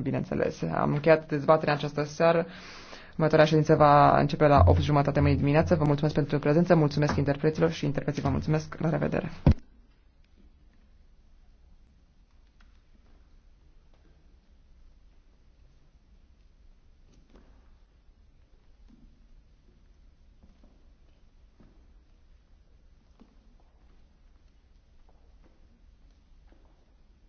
bineînțeles. Am încheiat dezbaterea această seară. Următoarea ședință va începe la 8 jumătate mâine dimineață. Vă mulțumesc pentru prezență, mulțumesc interpreților și interpreții vă mulțumesc. La revedere!